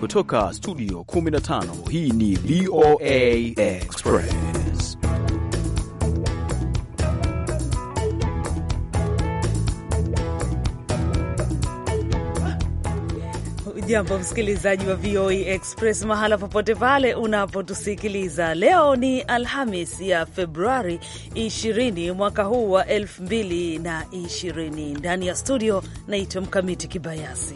Kutoka studio 15 hii ni VOA Express. Jambo msikilizaji wa VOA Express mahala popote pale unapotusikiliza. Leo ni Alhamis ya Februari 20 mwaka huu wa 2020. Ndani ya studio naitwa Mkamiti Kibayasi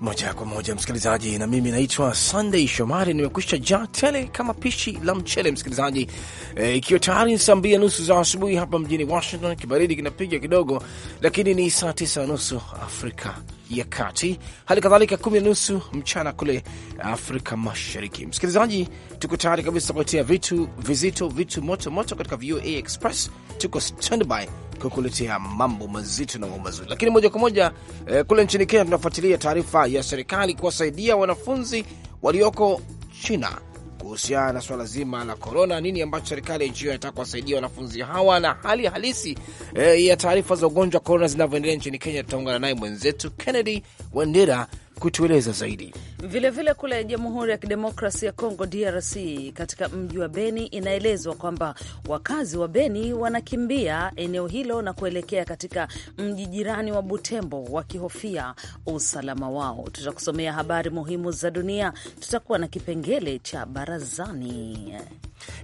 moja kwa moja msikilizaji, na mimi naitwa Sunday Shomari, nimekwisha jaa tele kama pishi la mchele msikilizaji, e, ikiwa tayari ni saa mbili na nusu za asubuhi hapa mjini Washington. Kibaridi kinapiga kidogo, lakini ni saa tisa na nusu Afrika ya Kati, hali kadhalika kumi na nusu mchana kule Afrika Mashariki. Msikilizaji, tuko tayari kabisa kuletea vitu vizito, vitu moto moto katika VOA Express, tuko standby kukuletea mambo mazito na mambo mazuri. Lakini moja kwa moja eh, kule nchini Kenya tunafuatilia taarifa ya serikali kuwasaidia wanafunzi walioko China kuhusiana na swala zima la korona. Nini ambacho serikali ya nchi hiyo inataka kuwasaidia wanafunzi hawa na hali halisi eh, ya taarifa za ugonjwa wa korona zinavyoendelea nchini Kenya, tutaungana naye mwenzetu Kennedy Wendera kutueleza zaidi. Vilevile vile kule Jamhuri ya Kidemokrasi ya Kongo, DRC, katika mji wa Beni, inaelezwa kwamba wakazi wa Beni wanakimbia eneo hilo na kuelekea katika mji jirani wa Butembo wakihofia usalama wao. Tutakusomea habari muhimu za dunia, tutakuwa na kipengele cha barazani.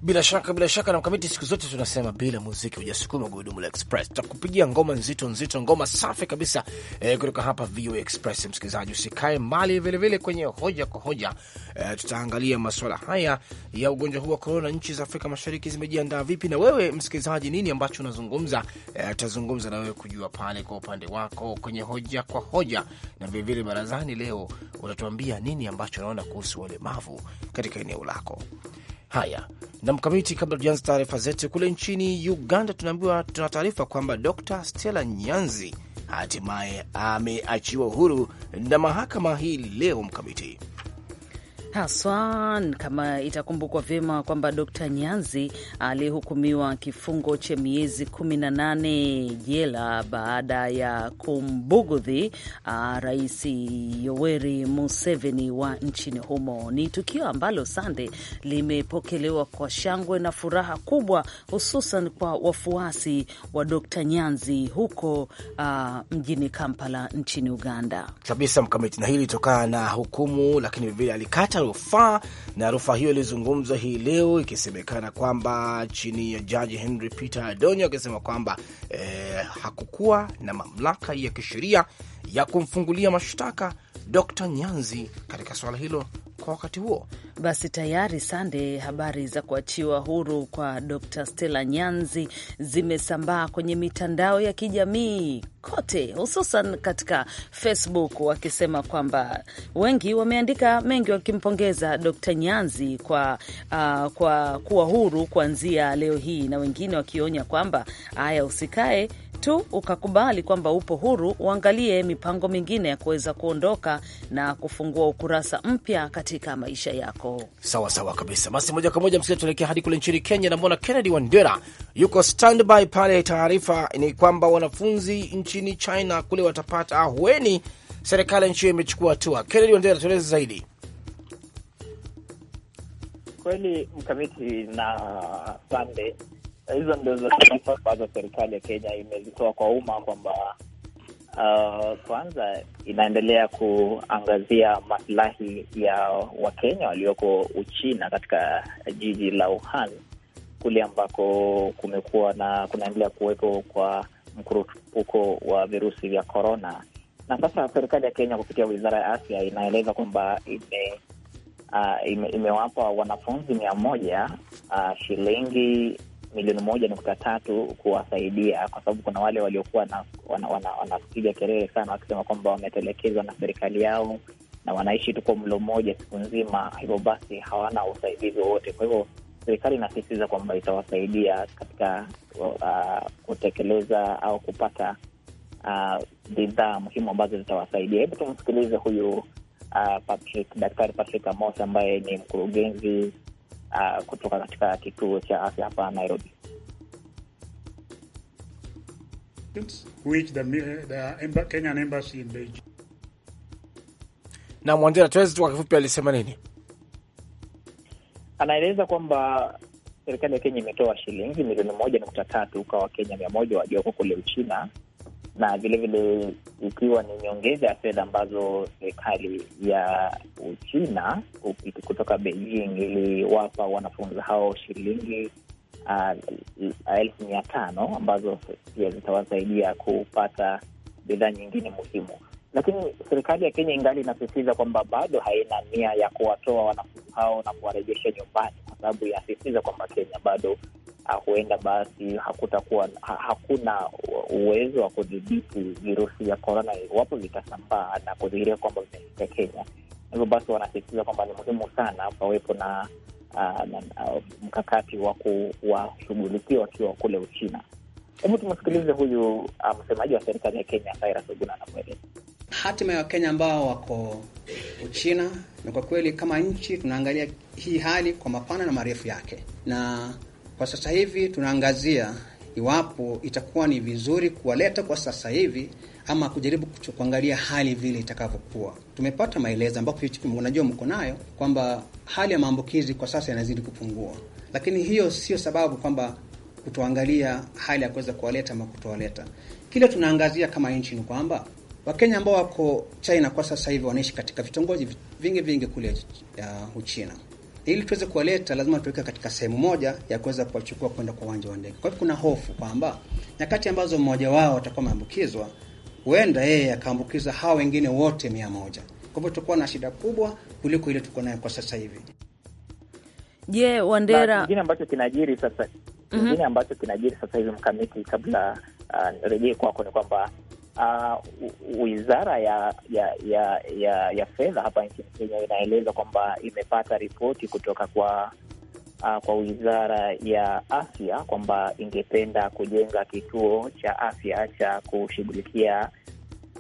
Bila shaka bila shaka, na Mkamiti, siku zote tunasema bila muziki hujasukuma gurudumu la Express. Tutakupigia ngoma nzito nzito, ngoma safi kabisa eh, kutoka hapa VOA Express. Msikilizaji usika usikae mbali. Vilevile kwenye hoja kwa hoja e, tutaangalia masuala haya ya ugonjwa huu wa korona. Nchi za Afrika Mashariki zimejiandaa vipi? Na wewe msikilizaji, nini ambacho unazungumza? E, tutazungumza e, na wewe kujua pale kwa upande wako kwenye hoja kwa hoja, na vilevile barazani. Leo utatuambia nini ambacho unaona kuhusu walemavu katika eneo lako. Haya, na mkamiti, kabla tujaanza taarifa zetu, kule nchini Uganda tunaambiwa, tuna taarifa kwamba Dr Stella Nyanzi hatimaye ameachiwa uhuru na mahakama hii leo mkamiti haswa kama itakumbukwa vyema kwamba Dr. Nyanzi aliyehukumiwa kifungo cha miezi 18 jela baada ya kumbugudhi uh, Rais Yoweri Museveni wa nchini humo. Ni tukio ambalo sande limepokelewa kwa shangwe na furaha kubwa, hususan kwa wafuasi wa Dr. Nyanzi huko uh, mjini Kampala nchini Uganda. Kabisa mkamiti na hili litokana na hukumu, lakini vilevile alikata rufaa, na rufaa hiyo ilizungumzwa hii leo ikisemekana kwamba chini ya jaji Henry Peter Adonyo akisema kwamba eh, hakukuwa na mamlaka ya kisheria ya kumfungulia mashtaka Dr Nyanzi katika swala hilo kwa wakati huo. Basi tayari Sande, habari za kuachiwa huru kwa Dr. Stella Nyanzi zimesambaa kwenye mitandao ya kijamii kote, hususan katika Facebook, wakisema kwamba wengi wameandika mengi wakimpongeza Dr. Nyanzi kwa, uh, kwa kuwa huru kuanzia leo hii, na wengine wakionya kwamba haya, usikae tu ukakubali kwamba upo huru, uangalie mipango mingine ya kuweza kuondoka na kufungua ukurasa mpya kati katika maisha yako. Sawa sawa kabisa. Basi moja kwa moja msikilizaji, tuelekea hadi kule nchini Kenya. Namwona Kennedy Wandera yuko standby pale. Taarifa ni kwamba wanafunzi nchini China kule watapata ahueni, serikali ya nchi hiyo imechukua hatua. Kennedy Wandera, tueleze zaidi. Kweli mkamiti na sande, hizo ndizo taarifa ambazo serikali ya Kenya imezitoa kwa umma kwamba uh, kwanza inaendelea kuangazia maslahi ya Wakenya walioko Uchina katika jiji la Wuhan kule ambako kumekuwa na kunaendelea kuwepo kwa mkurupuko wa virusi vya korona. Na sasa serikali ya Kenya kupitia wizara ya afya inaeleza kwamba ime, uh, ime, imewapa wanafunzi mia moja uh, shilingi milioni moja nukta tatu kuwasaidia, kwa sababu kuna wale waliokuwa wanapiga wana, wana, wana kelele sana wakisema kwamba wametelekezwa na serikali yao na wanaishi tu kwa mlo mmoja siku nzima, hivyo basi hawana usaidizi wowote. Kwa hivyo serikali inasisitiza kwamba itawasaidia katika uh, kutekeleza au kupata uh, bidhaa uh, muhimu ambazo zitawasaidia. Hebu tumsikilize huyu uh, Patrick, Daktari Patrick Amos ambaye ni mkurugenzi uh, kutoka katika kituo cha afya hapa Nairobi. Na Mwandera, tueleze kwa kifupi alisema nini? Anaeleza kwamba serikali ya Kenya imetoa shilingi milioni moja nukta tatu kwa Wakenya mia moja walioko kule Uchina na vilevile ikiwa ni nyongeza ya fedha ambazo serikali ya Uchina kutoka Beijing iliwapa wanafunzi hao shilingi uh, elfu mia tano ambazo pia zitawasaidia kupata bidhaa nyingine muhimu. Lakini serikali ya Kenya ingali inasisitiza kwamba bado haina nia ya kuwatoa wanafunzi hao na kuwarejesha nyumbani, kwa sababu inasisitiza kwamba Kenya bado huenda basi hakutakuwa ha, hakuna uwezo wa kudhibiti virusi vya korona iwapo vitasambaa na kudhihiria kwamba vimeingia Kenya. Hivyo basi wanasisitiza kwamba ni muhimu sana pawepo na uh, mkakati wa kuwashughulikia wakiwa kule Uchina. Hebu tumsikilize huyu ah, msemaji wa serikali ya Kenya, Cyrus suguna anavyoeleza hatima ya Wakenya ambao wako Uchina. Na kwa kweli kama nchi tunaangalia hii hali kwa mapana na marefu yake na kwa sasa hivi tunaangazia iwapo itakuwa ni vizuri kuwaleta kwa sasa hivi ama kujaribu kuangalia hali vile itakavyokuwa. Tumepata maelezo ambapo unajua mko nayo kwamba hali ya maambukizi kwa sasa inazidi kupungua, lakini hiyo sio sababu kwamba kutoangalia hali ya kuweza kuwaleta ama kutowaleta. Kile tunaangazia kama nchi ni kwamba Wakenya ambao wako China kwa sasa hivi wanaishi katika vitongoji vingi vingi kule uh, Uchina ili tuweze kuwaleta, lazima tuweke katika sehemu moja ya kuweza kuwachukua kwenda kwa uwanja wa ndege. Kwa hivyo kuna hofu kwamba nyakati ambazo mmoja wao atakuwa ameambukizwa, huenda yeye akaambukiza hao wengine wote mia moja. Kwa hivyo tutakuwa na shida kubwa kuliko ile tuko nayo kwa sasa hivi. Je, Wandera, kingine ambacho kinajiri sasa, mhm. kingine ambacho kinajiri sasa hivi, mkamiti, kabla uh, rejee kwako, ni kwamba uh, wizara ya ya ya ya, ya fedha hapa nchini Kenya inaeleza kwamba imepata ripoti kutoka kwa uh, kwa wizara ya afya kwamba ingependa kujenga kituo cha afya cha kushughulikia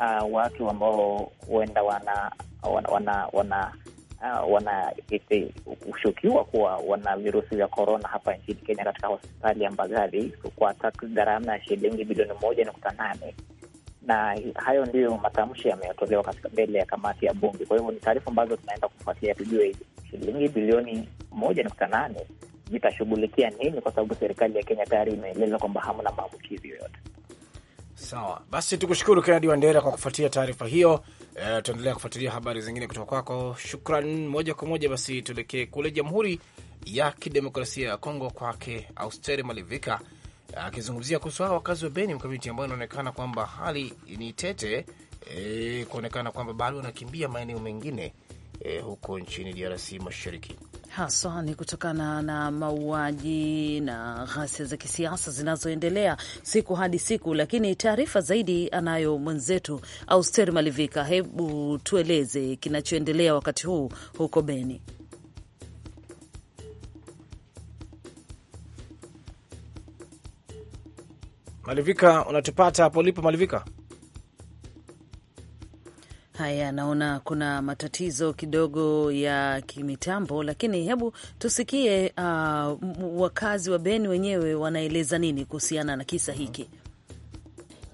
uh, watu ambao huenda wana wana wana, wana uh, wanashukiwa e-, kuwa wana virusi vya korona hapa nchini Kenya katika hospitali ya Mbagathi kwa gharama ya shilingi bilioni moja nukta nane na hayo ndiyo matamshi yameotolewa katika mbele ya kamati ya Bunge. Kwa hivyo ni taarifa ambazo tunaenda kufuatilia, tujue shilingi bilioni moja nukta nane zitashughulikia nini, kwa sababu serikali ya Kenya tayari imeeleza kwamba hamna maambukizi yoyote. Sawa basi, tukushukuru Kennedy Wandera kwa kufuatilia taarifa hiyo. E, tutaendelea kufuatilia habari zingine kutoka kwako, shukran. Moja kwa moja basi tuelekee kule Jamhuri ya Kidemokrasia ya Kongo, kwake Austeri Malivika akizungumzia kuhusu hawa wakazi wa Beni mkamiti, ambayo inaonekana kwamba hali ni tete e, kuonekana kwamba bado wanakimbia maeneo mengine e, huko nchini DRC mashariki haswa ni kutokana na mauaji na ghasia za kisiasa zinazoendelea siku hadi siku. Lakini taarifa zaidi anayo mwenzetu Auster Malivika. Hebu tueleze kinachoendelea wakati huu huko Beni. Malivika, unatupata hapo ulipo Malivika? Haya, naona kuna matatizo kidogo ya kimitambo, lakini hebu tusikie uh, wakazi wa Beni wenyewe wanaeleza nini kuhusiana na kisa hiki.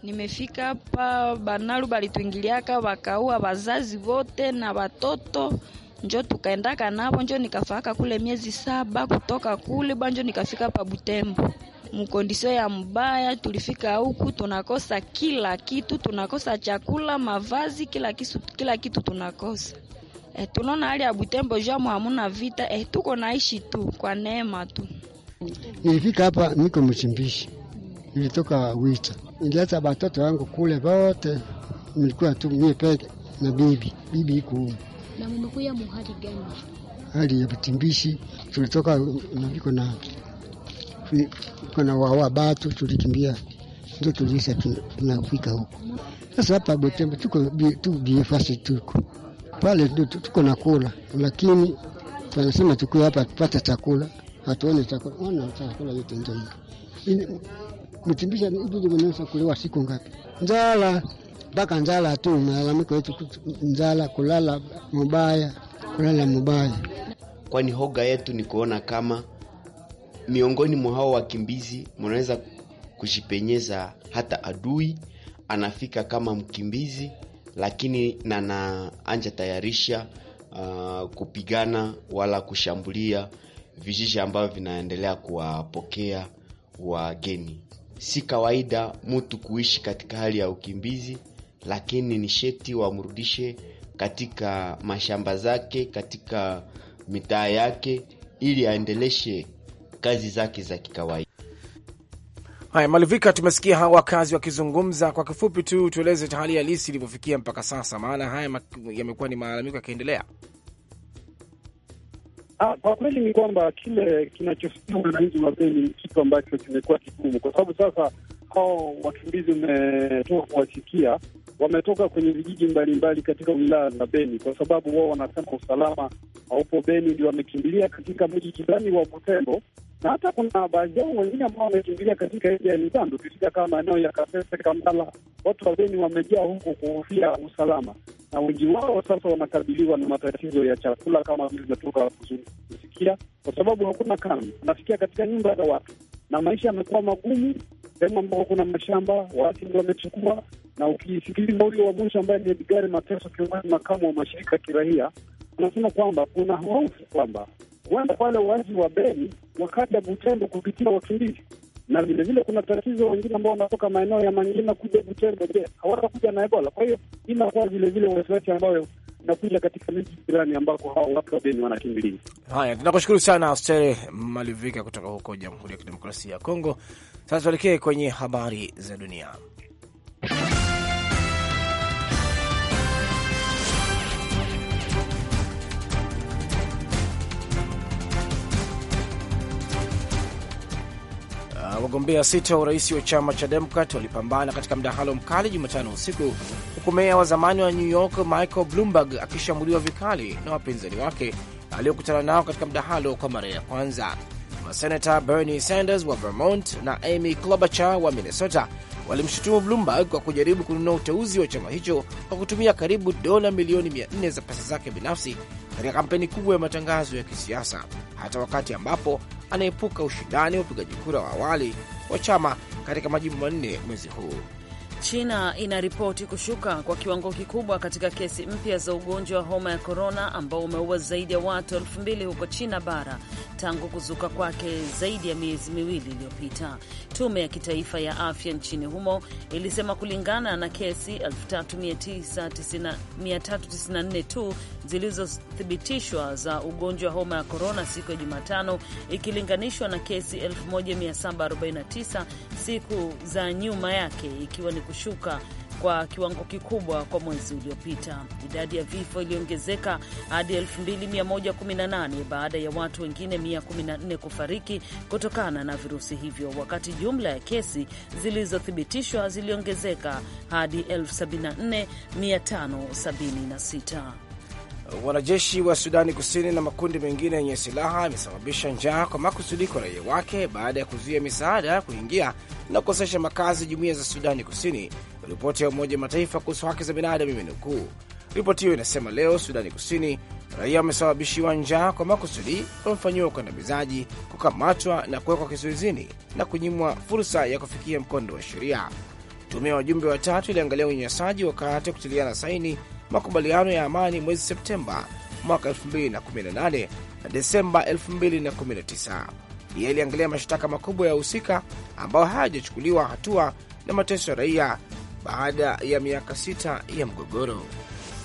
Nimefika hapa Banalu, balituingiliaka wakaua wazazi wote na watoto, njo tukaendaka navo, njo nikafaka kule miezi saba. Kutoka kule banjo nikafika pa Butembo mkondisio ya mbaya, tulifika huku tunakosa kila kitu, tunakosa chakula, mavazi, kila kitu, kila kitu tunakosa. E, tunaona hali ya Butembo jamu hamuna vita. E, tuko naishi tu kwa neema tu. Nilifika hapa niko mchimbishi, nilitoka Wita, niliacha batoto wangu kule wote, nilikuwa tu mie peke na bibi bibi iko na mumekuya muhali gani? Hali ya mchimbishi tulitoka naliko na kuna wawa batu tulikimbia, ndio tuliisha tunafika huko. Sasa hapa Butembo tuko tu biefasi, tuko pale ndio tuko na kula, lakini tunasema tukiwa hapa tupata chakula, hatuone chakula, ona chakula yote ndio mtimbisha idudugonesa kuliwa siku ngapi, njala mpaka njala tu, malalamiko yetu njala, kulala mubaya, kulala mubaya, kwani hoga yetu ni kuona kama Miongoni mwa hao wakimbizi mnaweza kujipenyeza, hata adui anafika kama mkimbizi, lakini na anja tayarisha uh, kupigana wala kushambulia vijiji ambavyo vinaendelea kuwapokea wageni. Si kawaida mtu kuishi katika hali ya ukimbizi, lakini ni sheti wamrudishe katika mashamba zake, katika mitaa yake ili aendeleshe kazi zake za kikawaida. Haya, Malivika, tumesikia hawa wakazi wakizungumza. Kwa kifupi tu tueleze hali halisi ilivyofikia mpaka sasa, maana haya yamekuwa ni malalamiko yakiendelea. Ah, kwa kweli ni kwamba kile kinachofikia wananchi wa Beni ni kitu ambacho kimekuwa kigumu, kwa sababu sasa hao wakimbizi umetoka kuwafikia wametoka kwenye vijiji mbalimbali katika wilaya za Beni, kwa sababu wao wanasema usalama haupo Beni, ndio wamekimbilia katika mji jirani wa Butembo na hata kuna baadhi yao wengine ambao wamekimbilia katika nchi ya Uganda, ukifika kama maeneo ya Kasese, Kampala, watu wageni wamejaa huko kuhofia usalama, na wengi wao sasa wanakabiliwa na matatizo ya chakula kama vile imetoka kusikia, kwa sababu hakuna kambi, wanafikia katika nyumba za watu na maisha yamekuwa magumu. Sehemu ambao kuna mashamba waasi ndio wamechukua, na ukisikiliza huyo wa mwisho ambaye ni Edgari Mateso, kiongozi makamu wa mashirika ya kiraia, anasema kwamba kuna hofu kwamba huenda wale waasi wa Beni wakada Butembo kupitia wakimbizi, na vile vile kuna tatizo wengine ambao wanatoka maeneo ya Mangina kuja Butembo. Je, hawatakuja na Ebola? Kwa hiyo inakuwa vile vile wasiwasi ambayo inakuja katika miji jirani ambako hao watu wageni wanakimbilia. Haya, tunakushukuru sana austere Malivika kutoka huko Jamhuri ya Kidemokrasia ya Kongo. Sasa tuelekee kwenye habari za dunia. Wagombea sita wa urais wa chama cha Demokrat walipambana katika mdahalo mkali Jumatano usiku huku meya wa zamani wa New York Michael Bloomberg akishambuliwa vikali na wapinzani wake aliyokutana nao katika mdahalo kwa mara ya kwanza. Masenata Bernie Sanders wa Vermont na Amy Klobuchar wa Minnesota walimshutumu Bloomberg kwa kujaribu kununua uteuzi wa chama hicho kwa kutumia karibu dola milioni 400 za pesa zake binafsi katika kampeni kubwa ya matangazo ya kisiasa, hata wakati ambapo anaepuka ushindani wa upigaji kura wa awali wa chama katika majimbo manne mwezi huu. China inaripoti kushuka kwa kiwango kikubwa katika kesi mpya za ugonjwa wa homa ya korona ambao umeua zaidi ya watu elfu mbili huko China bara tangu kuzuka kwake zaidi ya miezi miwili iliyopita. Tume ya kitaifa ya afya nchini humo ilisema kulingana na kesi 3394 tu zilizothibitishwa za ugonjwa wa homa ya korona siku ya Jumatano ikilinganishwa na kesi 1749 siku za nyuma yake ikiwa ni kushuka kwa kiwango kikubwa kwa mwezi uliopita. Idadi ya vifo iliongezeka hadi 2118 baada ya watu wengine 114 kufariki kutokana na virusi hivyo, wakati jumla ya kesi zilizothibitishwa ziliongezeka hadi 74576 wanajeshi wa Sudani Kusini na makundi mengine yenye silaha yamesababisha njaa kwa makusudi kwa raia wake baada ya kuzuia misaada kuingia na kukosesha makazi jumuiya za Sudani Kusini. Ripoti ya Umoja wa Mataifa kuhusu haki za binadamu imenukuu ripoti hiyo. Inasema leo Sudani Kusini raia wamesababishiwa njaa kwa makusudi, wamefanyiwa ukandamizaji, kukamatwa na kuwekwa kizuizini na kunyimwa fursa ya kufikia mkondo wa sheria. Tume ya wajumbe watatu iliangalia unyanyasaji wakati wa kutiliana saini makubaliano ya amani mwezi Septemba mwaka 2018 na Desemba 2019. Yeye aliangalia mashtaka makubwa ya husika ambayo hayajachukuliwa hatua na mateso ya raia baada ya miaka sita ya mgogoro.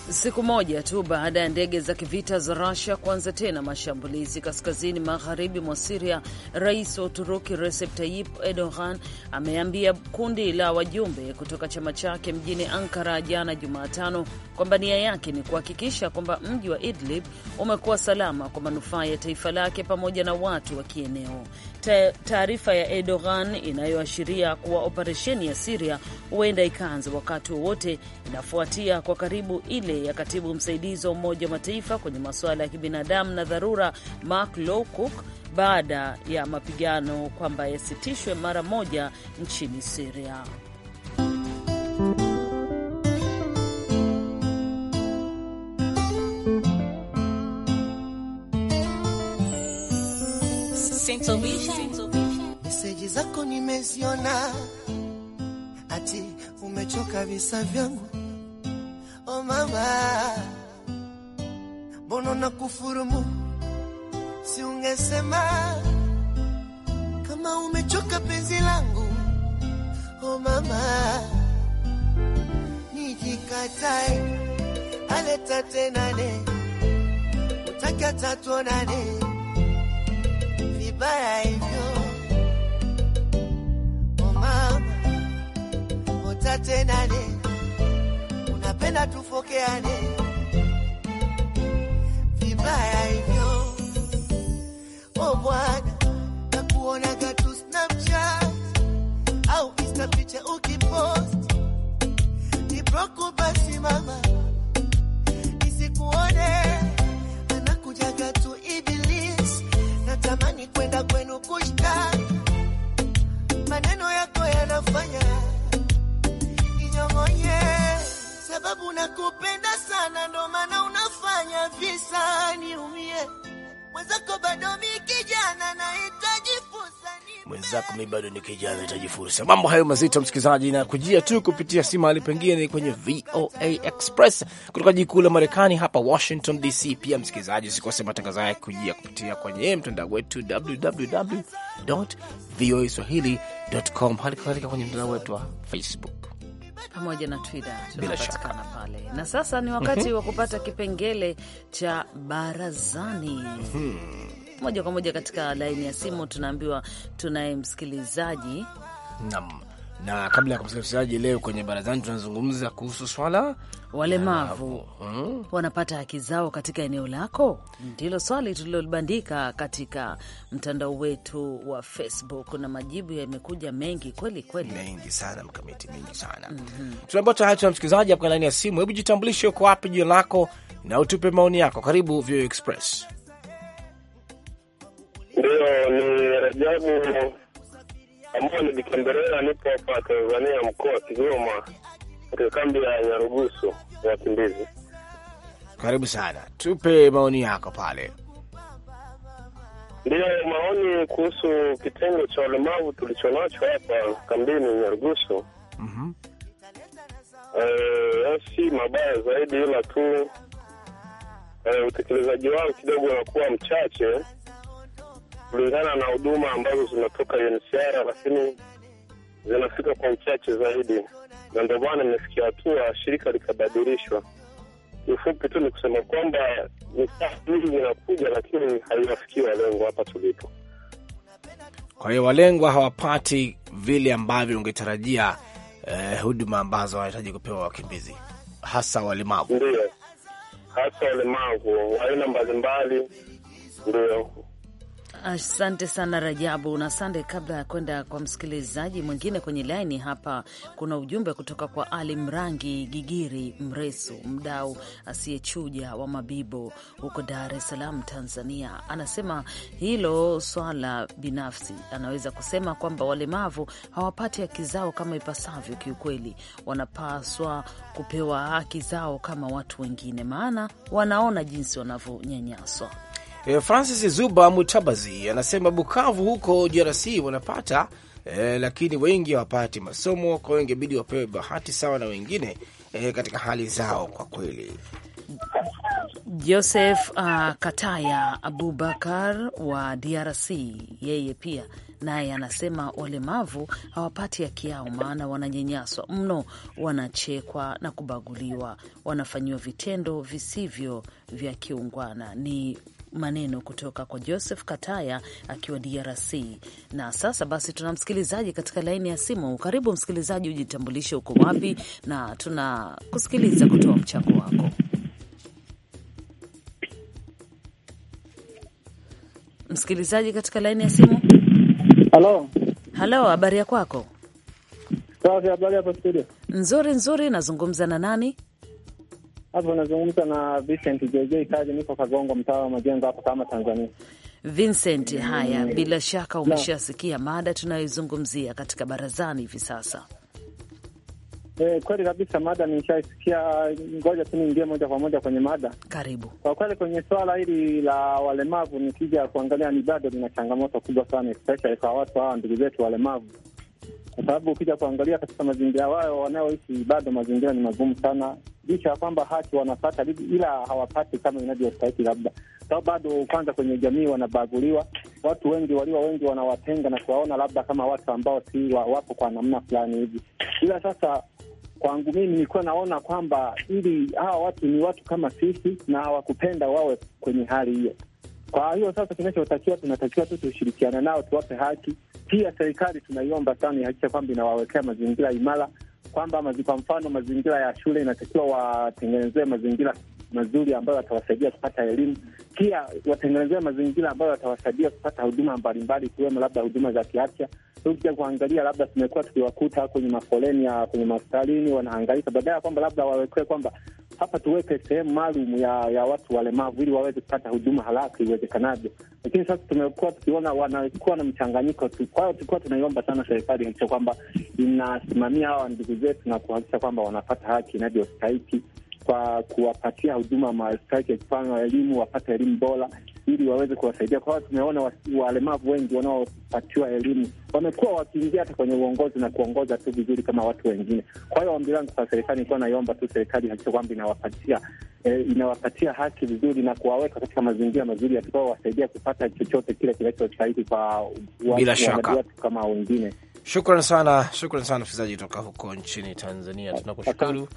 Siku moja tu baada ya ndege za kivita za rusia kuanza tena mashambulizi kaskazini magharibi mwa Siria, rais wa Uturuki Recep Tayyip Erdogan ameambia kundi la wajumbe kutoka chama chake mjini Ankara jana Jumatano kwamba nia yake ni kuhakikisha kwamba mji wa Idlib umekuwa salama kwa manufaa ya taifa lake pamoja na watu wa kieneo taarifa ya Erdogan inayoashiria kuwa operesheni ya Siria huenda ikaanza wakati wowote inafuatia kwa karibu ile ya katibu msaidizi wa Umoja wa Mataifa kwenye masuala ya kibinadamu na dharura Mark Lowcock baada ya mapigano kwamba yasitishwe mara moja nchini Siria. Meseji zako nimeziona, ati umechoka visa vyangu. Oh mama, mbona na kufurumu? Si ungesema kama umechoka penzi langu. Oh mama, nijikatae aleta tenane utaka tatuonane vibaya hivyo mama oh, otatenane, unapenda tufokeane vibaya hivyo o oh, Bwana, nakuonaga tu Snapchat au Insta picha ukipost ni broku basi mama natamani kwenda kwenu kushta maneno yako yanafanya inyong'onye, sababu nakupenda sana, ndo maana unafanya visa niumie. Mwenzako bado mi kijana, nahitaji mwenzako, mi bado ni kijana, nahitaji fursa. Mambo hayo mazito, msikilizaji, na kujia tu kupitia si mahali pengine, kwenye VOA Express kutoka jikuu la Marekani hapa Washington DC. Pia msikilizaji, usikose matangazo haya kujia kupitia kwenye mtandao wetu www.voaswahili.com, hali kadhalika kwenye mtandao wetu wa Facebook pamoja na Twitter tunapatikana pale. Na sasa ni wakati mm -hmm. wa mhm. kupata kipengele cha barazani. mm -hmm moja kwa moja katika laini ya simu. Tunaambiwa tunaye msikilizaji nam na kabla ya kumsikilizaji, leo kwenye barazani tunazungumza kuhusu swala walemavu hmm, wanapata haki zao katika eneo lako? Ndilo swali tulilobandika katika mtandao wetu wa Facebook na majibu yamekuja mengi kweli kweli, mengi sana mkamiti, mengi sana mm -hmm. Tunaambia tayari tuna msikilizaji kwenye laini ya simu. Hebu jitambulishe, uko wapi, jina lako na utupe maoni yako. Karibu Vio Express ni Rajabu ambayo nilitembelea nipo hapa Tanzania, mkoa wa Kigoma, katika kambi ya Nyarugusu ya wakimbizi. Karibu sana, tupe maoni yako pale. Ndiyo, maoni kuhusu kitengo cha ulemavu tulicho nacho hapa kambini Nyarugusu. mm -hmm. Uh, si mabaya zaidi, ila tu uh, utekelezaji wao kidogo unakuwa mchache kulingana na huduma ambazo zinatoka UNHCR, lakini zinafika kwa uchache zaidi, na ndio maana imefikia hatua shirika likabadilishwa. Kiufupi tu ni kusema kwamba misaada mingi inakuja, lakini haiwafikii walengo hapa tulipo. Kwa hiyo walengwa hawapati vile ambavyo ungetarajia eh, huduma ambazo wanahitaji kupewa wakimbizi, hasa walemavu. Ndio, hasa walemavu wa aina mbalimbali, ndio Asante sana Rajabu na Sande. Kabla ya kwenda kwa msikilizaji mwingine kwenye laini hapa, kuna ujumbe kutoka kwa Ali Mrangi Gigiri Mresu, mdau asiyechuja wa Mabibo huko Dar es Salaam, Tanzania. Anasema hilo swala binafsi, anaweza kusema kwamba walemavu hawapati haki zao kama ipasavyo. Kiukweli wanapaswa kupewa haki zao kama watu wengine, maana wanaona jinsi wanavyonyanyaswa. E, Francis Zuba Mutabazi anasema Bukavu huko DRC wanapata e, lakini wengi hawapati masomo, kwa wengi bidi wapewe bahati sawa na wengine e, katika hali zao kwa kweli. Joseph uh, Kataya Abubakar wa DRC yeye pia naye anasema walemavu hawapati haki yao, maana wananyanyaswa mno, wanachekwa na kubaguliwa, wanafanyiwa vitendo visivyo vya kiungwana. Ni maneno kutoka kwa Joseph Kataya akiwa DRC. Na sasa basi, tuna msikilizaji katika laini ya simu. Karibu msikilizaji, ujitambulishe, uko wapi, na tuna kusikiliza kutoa mchango wako. Msikilizaji katika laini ya simu, halo halo, habari ya kwako? Safi, habari studio? Nzuri nzuri, nazungumza na nani? hapo unazungumza na Vincent JJ Kaji, niko Kagongo, mtaa wa Majengo hapo kama Tanzania. Vincent, haya, mm. bila shaka umeshasikia mada tunayoizungumzia katika barazani hivi sasa. E, kweli kabisa, mada nishaisikia. Ngoja tu niingie moja kwa moja kwenye mada. Karibu. Kwa kweli kwenye swala hili la walemavu, nikija kuangalia ni bado lina changamoto kubwa sana, especially kwa watu hawa ndugu zetu walemavu kwa sababu ukija kuangalia katika mazingira wayo wanayoishi bado mazingira ni magumu sana, licha ya kwamba haki wanapata, ila hawapati kama inavyostahiki labda sau bado kwanza, kwenye jamii wanabaguliwa, watu wengi walio wengi wanawatenga na kuwaona labda kama watu ambao si wa, wapo kwa namna fulani hivi. Ila sasa kwangu mimi nilikuwa naona kwamba ili hawa watu ni watu kama sisi na hawakupenda wawe kwenye hali hiyo. Kwa hiyo sasa, kinachotakiwa tunatakiwa tu tushirikiane nao, tuwape haki, pia serikali tunaiomba sana ihakisha kwamba inawawekea mazingira imara, kwamba kwa mfano mazingira ya shule inatakiwa watengenezee mazingira mazuri ambayo watawasaidia kupata elimu. Pia watengenezee mazingira ambayo watawasaidia kupata huduma mbalimbali, ikiwemo labda huduma za kiafya. Ukija kuangalia, labda tumekuwa tukiwakuta kwenye mafoleni ya kwenye mahospitalini wanahangaika, badala ya kwamba labda wawekwe kwamba hapa tuweke sehemu maalum ya, ya watu walemavu ili waweze kupata huduma haraka iwezekanavyo, lakini sasa tumekuwa tukiona wanakuwa na mchanganyiko tu. Kwa hiyo tulikuwa tunaiomba sana serikali hakikisha kwamba inasimamia hawa ndugu zetu na kuhakikisha kwamba wanapata haki inavyostahiki kwa kuwapatia huduma mastaki, kwa mfano elimu, wapate elimu bora ili waweze kuwasaidia, kwa sababu tumeona walemavu wengi wanaopatiwa elimu wamekuwa wakiingia hata kwenye uongozi na kuongoza tu vizuri kama watu wengine. Kwa hiyo ombi langu kwa serikali, ikuwa, naiomba tu serikali hakikisha kwamba inawapatia e, inawapatia haki vizuri na kuwaweka katika mazingira mazuri yatakaowasaidia kupata chochote kile kinachostahili kwa watu kama wengine. Shukran sana, shukran sana msikilizaji kutoka huko nchini Tanzania, tunakushukuru.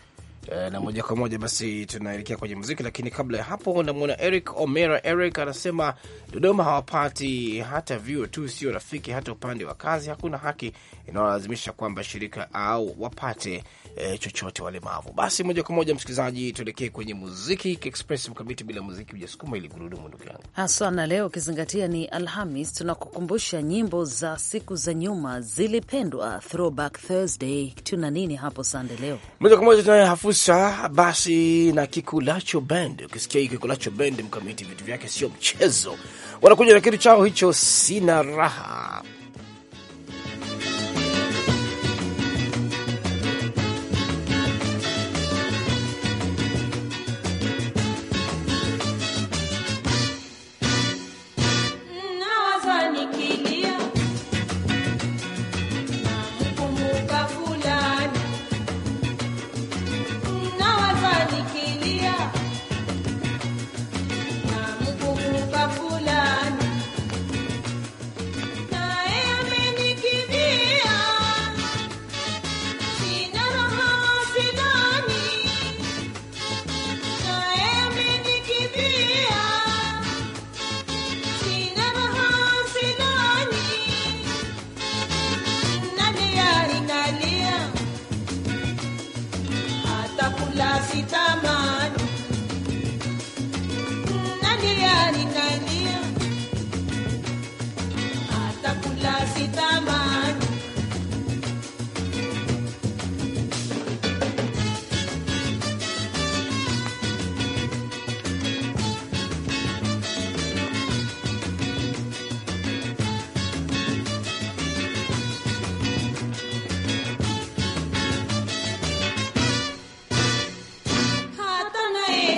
Eh, na moja kwa moja basi tunaelekea kwenye muziki, lakini kabla ya hapo namwona Eric Omera. Eric anasema Dodoma hawapati hata vyuo tu, sio rafiki hata upande wa kazi, hakuna haki inayolazimisha kwamba shirika au wapate e, chochote walemavu. Basi moja kwa moja msikilizaji, tuelekee kwenye muziki Express mkamiti, bila muziki ujasukuma ili gurudumu, ndugu yangu haswa. Na leo ukizingatia ni Alhamis, tunakukumbusha nyimbo za siku za nyuma zilipendwa, Throwback Thursday. Tuna nini hapo sande leo? Moja kwa moja tunaye Hafuzi kabisa. Basi na Kikulacho Band, ukisikia hii Kikulacho Band mkamiti, vitu vyake sio mchezo. Wanakuja na kitu chao hicho, sina raha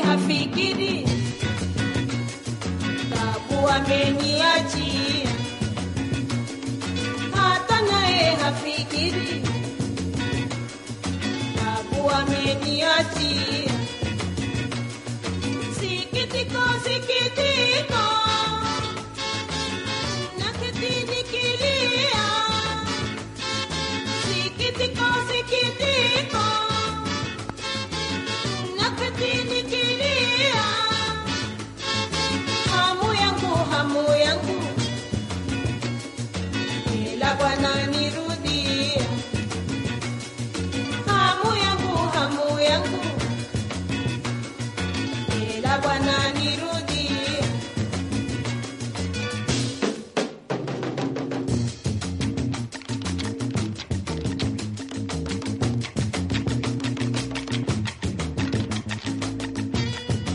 hafikiri babu ameniachi hata naye hafikiri babu ameniachi sikitiko sikitiko nakitinikilia sikitiko sikitiko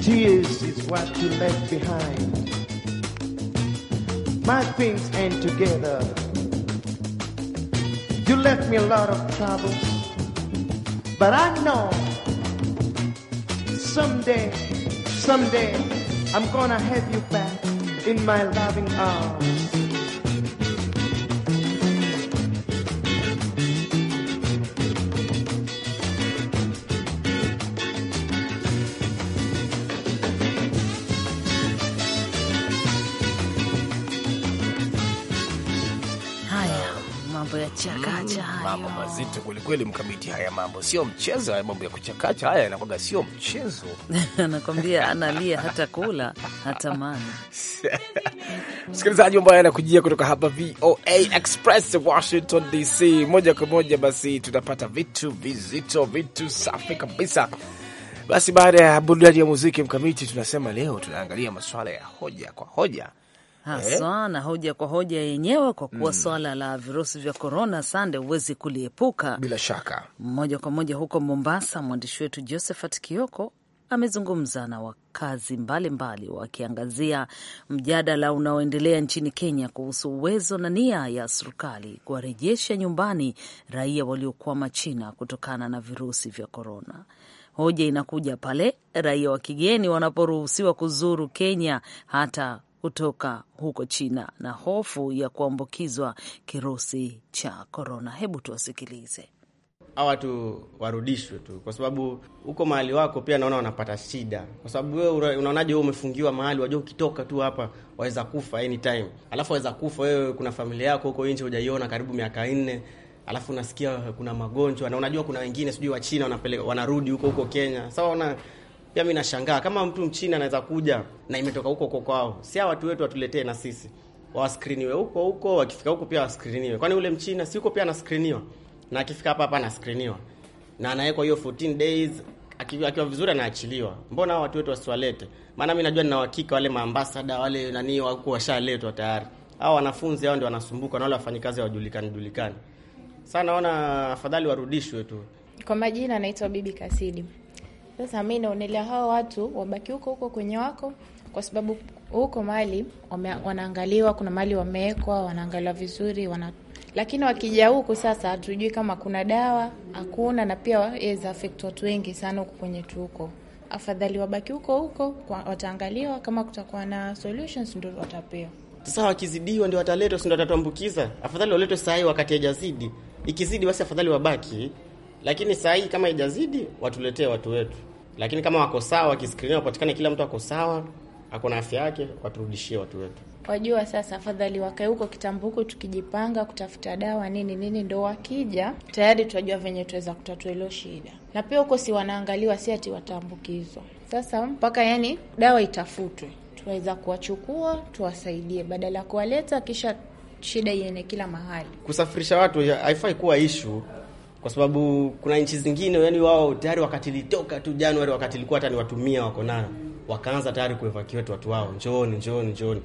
Tears is what you left behind. My things ain't together. You left me a lot of troubles, but I know someday, someday, I'm gonna have you back in my loving arms. kweli mkamiti, haya mambo sio mchezo, haya mambo ya kuchakacha haya anakwaga sio mchezo anakwambia analia hata kula hata mana. Msikilizaji, ambayo anakujia kutoka hapa VOA Express Washington DC moja kwa moja, basi tunapata vitu vizito, vitu safi kabisa. Basi baada ya burudani ya muziki mkamiti, tunasema leo tunaangalia masuala ya hoja kwa hoja haswa eh? na hoja kwa hoja yenyewe, kwa kuwa mm, swala la virusi vya korona sande huwezi kuliepuka bila shaka. Moja kwa moja huko Mombasa, mwandishi wetu Josephat Kioko amezungumza na wakazi mbalimbali wakiangazia mjadala unaoendelea nchini Kenya kuhusu uwezo na nia ya serikali kuwarejesha nyumbani raia waliokwama China kutokana na virusi vya korona. Hoja inakuja pale raia wa kigeni wanaporuhusiwa kuzuru Kenya hata kutoka huko China na hofu ya kuambukizwa kirusi cha korona. Hebu tuwasikilize. Hawa watu warudishwe tu, kwa sababu huko mahali wako pia naona wanapata shida, kwa sababu wewe unaonaje, wewe umefungiwa mahali, wajua ukitoka tu hapa waweza kufa anytime, alafu waweza kufa wewe, kuna familia yako huko nje hujaiona karibu miaka nne, alafu unasikia kuna magonjwa, na unajua kuna wengine sijui wa China wanapeleka wanarudi huko huko Kenya, sawa so, pia mimi nashangaa kama mtu mchina anaweza kuja na imetoka huko huko kwao, si hawa watu wetu watuletee na sisi, waskriniwe huko huko, wakifika huko pia waskriniwe. Kwani ule mchina si huko pia anaskriniwa na akifika hapa hapa anaskriniwa na anawekwa hiyo 14 days akiwa vizuri anaachiliwa. Mbona hao watu wetu wasiwalete? Maana mimi najua nina uhakika wale maambasada wale nani wako washaletwa tayari. Hao wanafunzi hao ndio wanasumbuka na wale wafanyikazi hawajulikani julikani. Sana naona afadhali warudishwe tu. Kwa majina anaitwa Bibi Kasidi. Sasa mi naonelea hao watu wabaki huko huko kwenye wako, kwa sababu huko mali wame, wanaangaliwa, kuna mali wamewekwa, wanaangaliwa vizuri wana... lakini wakija huku sasa, hatujui kama kuna dawa, hakuna, na pia waweza affect watu wengi sana huko kwenye tuko Afadhali wabaki huko huko, wataangaliwa. Kama kutakuwa na solutions, ndo watapewa. Sasa wakizidiwa ndio wataletwa, si ndo watatuambukiza? Afadhali waletwe saa hii wakati hajazidi, ikizidi basi afadhali wabaki. Lakini saa hii kama ijazidi watuletee watu wetu, lakini kama wako sawa, wakiskrini wapatikane kila mtu ako sawa, ako na afya yake, waturudishie watu wetu. Wajua sasa, afadhali wakae huko kitambo, huko tukijipanga kutafuta dawa nini nini, ndo wakija tayari tuajua venye tuweza kutatua hilo shida. Na pia huko si wanaangaliwa, si ati wataambukizwa. Sasa mpaka yani dawa itafutwe, tunaweza kuwachukua tuwasaidie, badala ya kuwaleta kisha shida iene kila mahali. Kusafirisha watu haifai kuwa ishu kwa sababu kuna nchi zingine yani wao tayari wakati litoka tu Januari, wakati ilikuwa hata ni watu watumia wako nayo, wakaanza tayari kuevakiwa tu watu wao, njooni njooni njooni.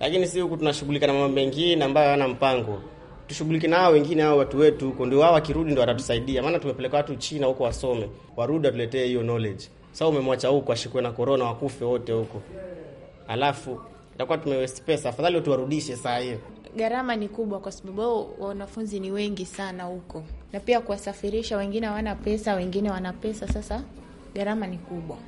Lakini si huku tunashughulika na mambo mengine ambayo hayana mpango. Tushughulike nao wengine, hao watu wetu huko, ndio wao wakirudi ndio watatusaidia, maana tumepeleka watu China huko wasome, warudi watuletee hiyo knowledge. Sasa umemwacha huko ashikwe na corona, wakufe wote huko, alafu itakuwa tumewaste pesa. Afadhali tuwarudishe saa hiyo. Gharama ni kubwa, kwa sababu wanafunzi ni wengi sana huko na pia kuwasafirisha. Wengine hawana pesa, wengine wana pesa, sasa gharama ni kubwa.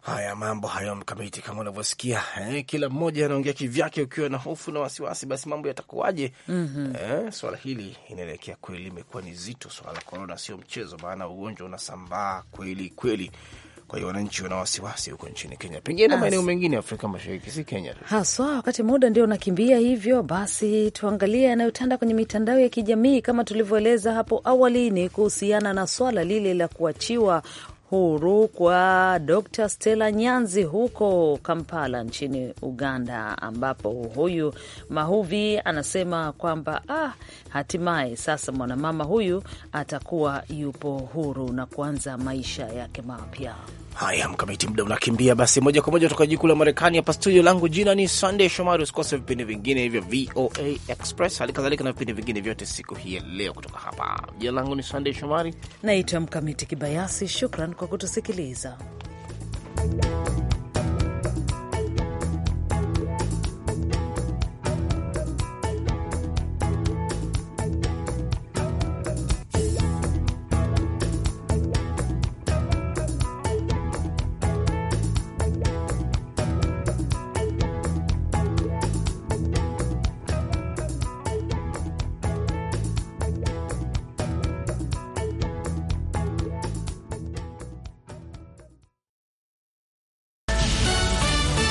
Haya mambo hayo mkamiti, kama unavyosikia eh, kila mmoja anaongea kivyake, ukiwa na hofu na wasiwasi, basi mambo yatakuwaje? mm -hmm. Eh, swala hili inaelekea kweli, imekuwa ni zito. Swala la korona sio mchezo, maana ugonjwa unasambaa kweli kweli. Kwa hiyo wananchi wana wasiwasi huko nchini Kenya, pengine na maeneo mengine ya Afrika Mashariki, si Kenya tu haswa. So, wakati muda ndio unakimbia hivyo, basi tuangalie yanayotanda kwenye mitandao ya kijamii. Kama tulivyoeleza hapo awali, ni kuhusiana na swala lile la kuachiwa huru kwa Dr. Stella Nyanzi huko Kampala nchini Uganda, ambapo huyu Mahuvi anasema kwamba ah, hatimaye sasa mwanamama huyu atakuwa yupo huru na kuanza maisha yake mapya. Haya, mkamiti, mda unakimbia. Basi moja kwa moja kutoka jikuu la Marekani hapa studio langu, jina ni Sunday Shomari. Usikose vipindi vingine hivyo VOA Express, hali kadhalika na vipindi vingine vyote siku hii ya leo kutoka hapa. Jina langu ni Sunday Shomari, naitwa mkamiti Kibayasi. Shukran kwa kutusikiliza.